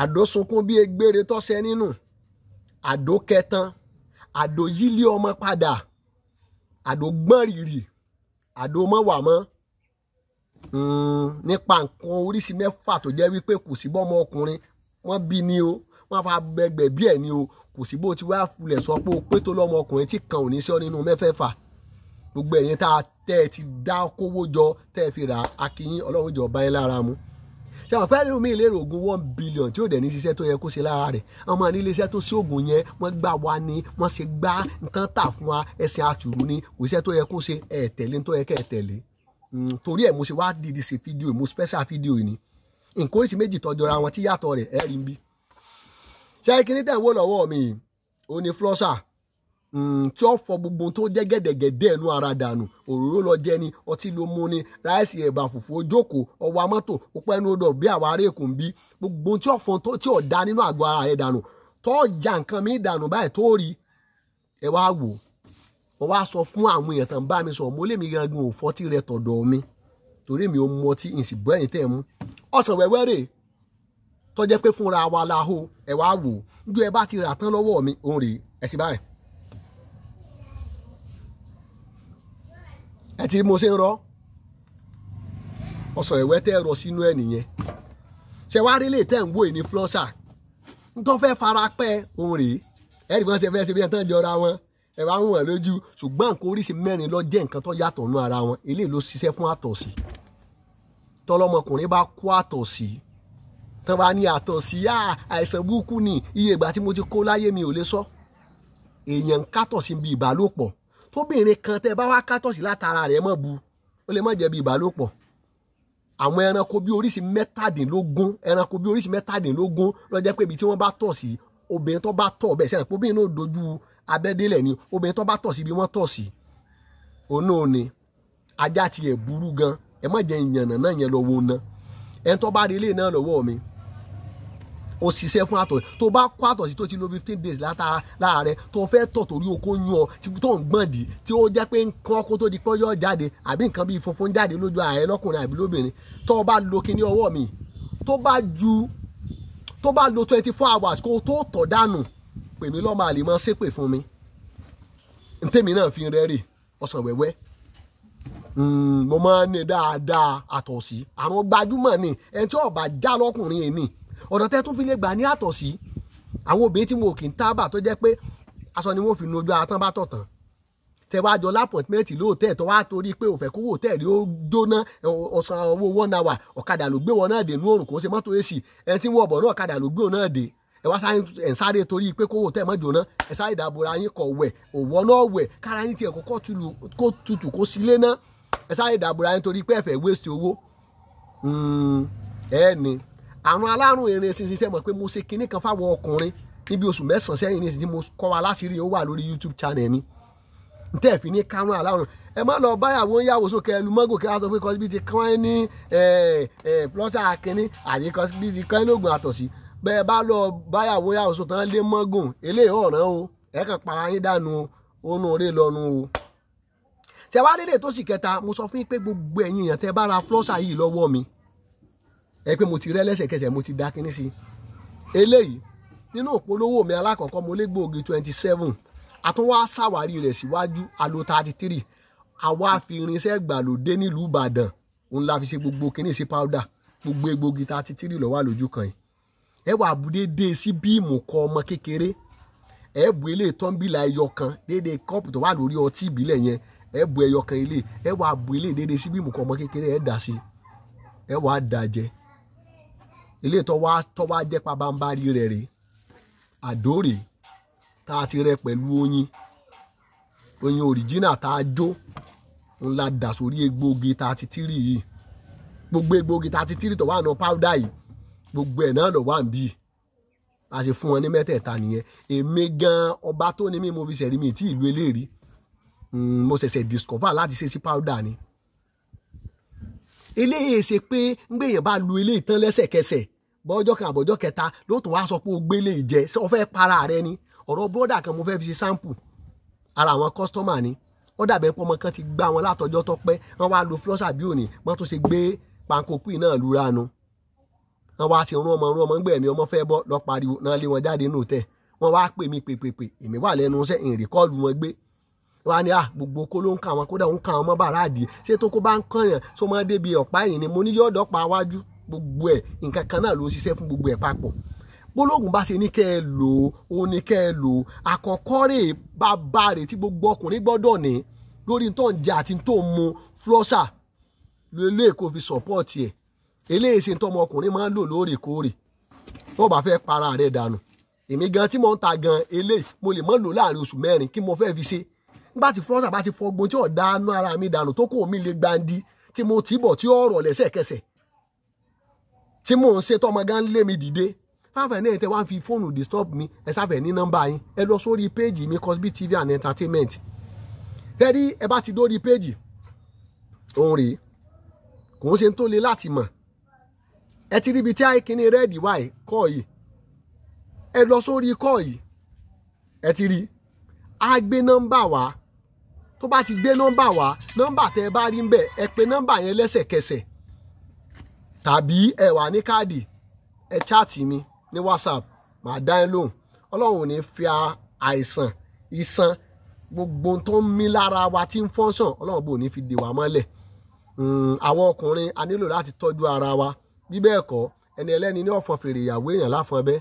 àdó sunkún bí egbére tọ́sẹ̀ nínú àdó kẹtan àdó yílé ọmọ padà àdó gbọ́n rìrì àdó mọ́wàá mọ́ hmm, nípa nǹkan oríṣi mẹ́fà tó jẹ́ wípé kò sí bọ́mọ ọkùnrin wọ́n bí ni o wọ́n fa gbẹgbẹ̀ bí ẹ̀ ni o kò sí bó ti wá fulẹ̀ sọ pé o pé tó lọ́mọ ọkùnrin tí kan ò ní sí ọ nínú mẹ́fẹ̀ẹ̀fà gbogbo ẹ̀yin tá a tẹ́ ẹ ti dá kówó jọ tẹ́ ẹ fi rà á akínyín ọlọ́run jọ bá lára mu ṣe àwọn pẹ́ẹ́lú mi lè rògùn one billion tí ó dẹ̀ ní ṣiṣẹ́ tó yẹ kó ṣe lára rẹ̀ ọmọ nílé iṣẹ́ tó ṣe oògùn yẹn wọ́n gbà wá ni wọ́n ṣe gbá nǹkan tà fún wa ẹsẹ̀ àtùrù ni òṣìṣẹ́ tó yẹ kó ṣe ẹ̀ tẹ̀lé tó yẹ kẹ́ ẹ̀ tẹ̀lé hmm, torí ẹ̀ mo ṣe wá dìde ṣe fídíò mo special fídíò ni nǹkan oríṣi méjì tọjọra wọn tí yàtọ̀ rẹ̀ ẹ̀ rí bí. ṣé kí ni tẹ̀ ń lọ́wọ́ mi ò flọ́ṣà Mm, tí ó fọ gbogbo tó jẹ́ gẹ́dẹ̀gẹ́dẹ́ ẹnu ara dànù òróró lọ jẹ ni ọtí ló mu ni ráìsì ẹ̀bà fùfú ojókòó ọwọ́ amọ́tò ó pẹ́ nu odò bí àwọn ará èkó ń bí gbogbo tí ó fọn tó tí ò da nínú àgọ́ ara rẹ̀ dànù tó ja nǹkan mi dànù báyìí tó rí ẹ wá wò ó wá sọ fún àwọn èèyàn tán bá mi sọ mo lè mi gangan ò fọtí rẹ tọ̀dọ̀ mi torí mi ò mọ tí ìsìn bọ́ ẹ̀yìn tẹ̀ mú ọ̀sán wẹ́wẹ́ rèé tọ́jẹ́ pé ho ẹ̀ wá wò ó ti rà tán lọ́wọ́ mi òun ẹ ti mo ṣe ń rọ ọsàn ìwẹ́ tẹ́ rọ sínú ẹ̀ nìyẹn ṣe wá rí lè tẹ̀ ń wò ní flọ́ṣà nítorí fẹ́ fara pẹ́ òun rèé ẹ rí wọn ṣe fẹ́ ṣe bí ẹ tán jọra wọn ẹ wá ń wọ̀n lójú ṣùgbọ́n nǹkan oríṣi mẹ́rin lọ jẹ́ nǹkan tó yàtọ̀ nú ara wọn eléyìí ló ṣiṣẹ́ fún àtọ̀sí tọlọmọkùnrin bá kó àtọ̀sí tán bá ní àtọ̀sí àìsàn burúkú ni iye ìgbà tí mo ti kó láyé mi ò lè sọ èèyàn ń kátọ̀sí bí ìbálòpọ̀ tóbìnrin kan tẹ́ bá wá kátọ̀sí látara rẹ̀ mọ̀ bu ó lè má jẹ́ bí ìbálòpọ̀ àwọn ẹranko bí oríṣi mẹ́tàdínlógún ẹranko bí oríṣi mẹ́tàdínlógún ló jẹ́ pé ibi tí wọ́n bá tọ̀ sí obìnrin tó bá tọ̀ bẹ́ẹ̀ sẹ́yìn obìnrin náà dojú abẹ́délẹ̀ ni obìnrin tó bá tọ̀ sí ibi wọ́n tọ̀ sí òun náà ni ajá tiẹ̀ burú gan ẹ má jẹ́ ìyànnà náà yẹn lọ́wọ́ ná ẹni tó bá rí ilé náà lọ́wọ́ mi o ṣiṣẹ́ fún àtọ̀ tó bá kó àtọ̀ sí tó ti lo fifteen days látara lára rẹ tó fẹ́ tọ̀ torí oko yún ọ tó ń gbọ̀n dì tí ó jẹ́ pé nǹkan kó tó di pé yọ jáde àbí nǹkan bíi funfun jáde lójú ààrẹ lọ́kùnrin àbí lóbìnrin tó bá lo kíní ọwọ́ mi tó bá ju tó bá lo twenty four hours kó tó tọ̀ dànù pèmí lọ́mọ àlè mọ́ ṣépè fún mi ntẹ́mi náà fi rẹ́rì ọ̀sán wẹ́wẹ́ hmm, mo máa ń ní dáadáa àtọ̀sí àwọn gbajúmọ̀ ni ẹni tí ọba já lọ́kùnrin yìí ni ọ̀nà tẹ́ tún fi lè gbà ní àtọ̀ sí àwọn obìnrin tí wọn ò kì í tábà tó jẹ́ pé aṣọ ni wọ́n fi nu ojú atán bá tọ̀ tán tẹ wá jọ lápọ̀tmẹ́ǹtì lóòótẹ́ tó wá torí pé òfẹ́ kó wòtẹ́ẹ̀lì ó jóná ọ̀sán owó one hour ọ̀kadà ló gbé wọn náà dé nú òrùn kó ṣe mọ́tò èsì ẹni tí wọ́n bọ̀ náà ọ̀kadà ló gbé wọn náà dé ẹ wá sáré ẹ̀ ń sáré torí pé kó wòtẹ́ẹ̀ mọ́ jóná ẹ sáré dàbòrò ayín kọ̀ wẹ̀ òwọ́ náà wẹ̀ kára yín tiẹ̀ kó tutù kó sílé náà ẹ sáré dàbòrò ayín torí pé ẹ fẹ́ waste owó hmm, ẹ ní àrùn alárùn ìrìn ìsinsìn sẹ́mọ̀ pé mo ṣe kinní kan fáwọn ọkùnrin níbi oṣù mẹ́sàn-án sẹ́yìn ní ìsinsìn mo kọ́ wa láṣìírí ó wà lórí YouTube channel mi ntẹ́ ẹ̀ fi ní kárùn alárùn ẹ má lọ báyàwó yàwó sókè ẹ lu mọ́gò kí wọ́n sọ pé kọ́sibí ti kán ní flọ́ṣà kínní àyè kọ́sibí ti kán lóògùn àtọ̀sí bẹ́ẹ̀ bá lọ báyàwó yàwó sókè tán lé mọ́gùn eléyìí ọ̀ràn o ẹ kàn para yín dànù o ònú orí lọ́nu o. tẹ wá dédé tó sì kẹta mo sọ fún yín pé gbogbo ẹ̀yin èèyàn tẹ bá flọ́ṣà yìí lọ́wọ́ mi ẹ pé mo ti rẹ́ lẹ́sẹ̀kẹsẹ̀ mo ti da kínní sí i eléyìí nínú òpolówó mi alákọ̀ọ́kọ́ mo lé gbòógì twenty seven àtúnwá ṣàwárí rẹ̀ síwájú alo thirty three àwa fi irinṣẹ́ gbàlódé nílùú Ìbàdàn òun la fi ṣe gbogbo kínní sí powder gbogbo egbògi thirty three ló wà lójú kan yìí ẹ wà àbúdé dé sí bíìmù kọ ọmọ kékeré ẹ bu ilé tọ́ḿbìlà ẹyọ kan déédéé kọ́ọ̀pù tó wà lórí ọtí ìbílẹ̀ yẹn ẹ bu ẹyọ kan ilé ẹ wà bu ilé déédéé sí bíìmù kọ ọmọ kékeré ẹ dà sí ẹ wà á dà jẹ ilé tọ́wá tọ́wá jẹ́ pabambari rẹ̀ rè àdóòrè tá a ti rẹ pẹ̀lú oyin oyin òrìjínà tá a jó ńlá dà sórí egbòogi tá a ti tírì yìí gbogbo egbòogi tá a ti tírì tó wà nù páwùdà yìí gbogbo ẹ̀ náà lọ wà ń bí a ṣe fún wọn ní mẹ́tẹ̀ẹ̀ta nìyẹn èmi gan ọba tó ní mí mo fi ṣẹ̀rí mi tí ìlú eléèrí hmm, mo ṣẹ̀ṣẹ̀ discover láti ṣe sí powder ni eléyìí ṣe pé ngbèyàn bá lu eléyìí tán lẹ́sẹ̀kẹsẹ̀ bọ́jọ́ kan àbọ̀jọ́ kẹta ló tún wá sọ pé o gbé lè jẹ ṣé o fẹ́ para rẹ ni ọ̀rọ̀ bọ́dà kan mo fẹ́ fi ṣe sample ara àwọn kọ́sítọ́mà ni ó dàbẹ̀ pé ọmọ kan ti gbá wọn látọjọ́ tó pẹ́ wọ́n wá lo flọ́ṣà bí òní wọ́n tún ṣe gbé pankokú náà lura nu wọ́n wá ti rún ọmọ rún ọmọ gbẹ̀mí ọmọ fẹ́ bọ́ lọ pariwo náà lé wọn jáde nù tẹ̀ wọ́n wá pè mí pèpèpè èmi wà lẹ́nu iṣẹ́ ìrìn kọ́ọ̀lù wọn gbé wọ́n á ní à ah, gbogbo kó ló ń ka wọn kódà ń ka wọn mọ́ bàrá àdì ṣé tó kó bá ń kànyàn sọmọdé bíi ọ̀pá ẹ̀yìn ni mo ní yọ̀ọ́dọ̀ pa wájú gbogbo ẹ̀ nǹkan kan náà ló ń ṣiṣẹ́ fún gbogbo ẹ̀ papọ̀ gbólóògùn bá ṣe ní kẹ́ ẹ lò ó ní kẹ́ ẹ lò ó àkọ́kọ́ rè bàbá rè tí gbogbo ọkùnrin gbọ́dọ̀ ní lórí tó ń jẹ àti tó ń mu flọ́ṣà lélẹ́ kó fi sọ́pọ́ọ̀tì ẹ̀ eléyìí ṣe tọmọ ọkùnrin máa ń lò lóòrèkóòrè tó bá fẹ́ para rẹ̀ dànù èmi gan tí mo ń ta gan eléyìí mo lè mọ́ lò láàrin oṣù mẹ́rin kí mo fẹ́ fi ṣe nígbà tí flọ́ṣà bá ti fọgbọ́n tí ọ̀dánú ara mi dànù tó kò mí le gbandi tí mo tì bọ̀ tí ọ̀rọ̀ lẹ́sẹ̀kẹsẹ̀ tí mò ń ṣe tọmọ gan lé mi dìde fáfẹ́ náà tẹ wá ń fi fóònù disturb mi ẹ sáfẹ́ ní nọ́mbà yín ẹ lọ sórí péèjì mi Cosby TV and entertainment ẹ rí ẹ bá ti dórí péèjì òun rèé kò ń ṣe tó le láti mọ̀ ẹ ti ríbi tí àìkíní rẹ́ẹ̀dì wà yìí kọ́ yìí ẹ lọ sórí kọ́ yìí ẹ ti rí a gbé nọ́mbà wá tó bá ti gbé nọ́mbà wá nọ́mbà tẹ ẹ bá rí ń bẹ̀ ẹ pè nọ́mbà yẹn lẹ́sẹ̀kẹsẹ̀ tàbí ẹ wà ní káàdì ẹ chaàtì mi ní whatsapp màá dá ẹ lóhùn ọlọ́run ò ní fi àìsàn iṣan gbogbo tó ń mí lára wa tí ń fọ́nṣàn ọlọ́run bò ní fi dè wá mọ́lẹ̀ hmm, àwọn ọkùnrin a nílò láti tọ́jú ara wa bí bẹ́ẹ̀ ẹni ẹlẹ́ni ní ọ̀fọ̀ fèrè ìyàwó èèyàn láfọ̀n